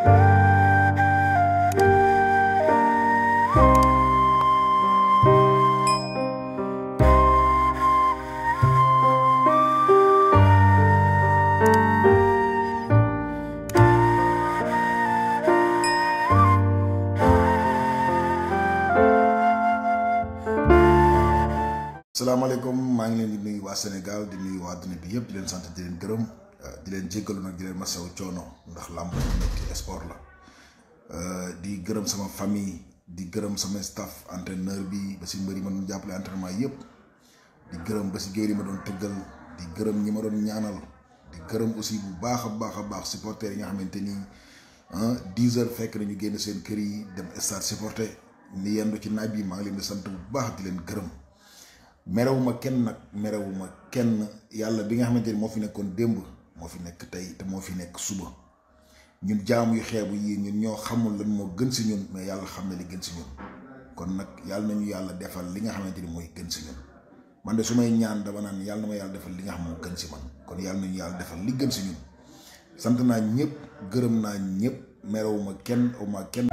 salaamaaleykum maa ngi leen di nuyu waa Sénégal di nuyu waa àdduna bi yëpp di leen sant di leen gërëm Euh, di leen jéggalu nag di leen masawu coono ndax làmb bu métti sport la euh, di gërëm sama famille di gërëm sama staf entraîneur bi ba si mbër yi ma doon jàppale entraînement yëpp di gërëm ba si géer yi ma doon tëggal di gërëm ñi ma doon ñaanal di gërëm aussi bu baax a baax a baax supporters yi nga xamante ni dix heures fekk nañu génn seen kër yi dem stade supporter ni yendu ci naaj bi maa ngi leen di sant bu baax di leen gërëm merewuma kenn nag merewuma kenn yàlla bi nga xamante ni moo fi nekkoon démb moo fi nekk tey te moo fi nekk suba ñun jaamu yu xeebu yii ñun ñoo xamul lan moo gën si ñun mais yàlla xam na li gën si ñun kon nag yàlla nañu yàlla defal li nga xamante ni mooy gën si ñun man ñaan dama naan yàlla na ma yàlla defal li nga xam moo gën si man kon yàlla nañu yàlla defal li gën si ñun sant naa ñëpp gërëm naa ñëpp merewuma kenn awma kenn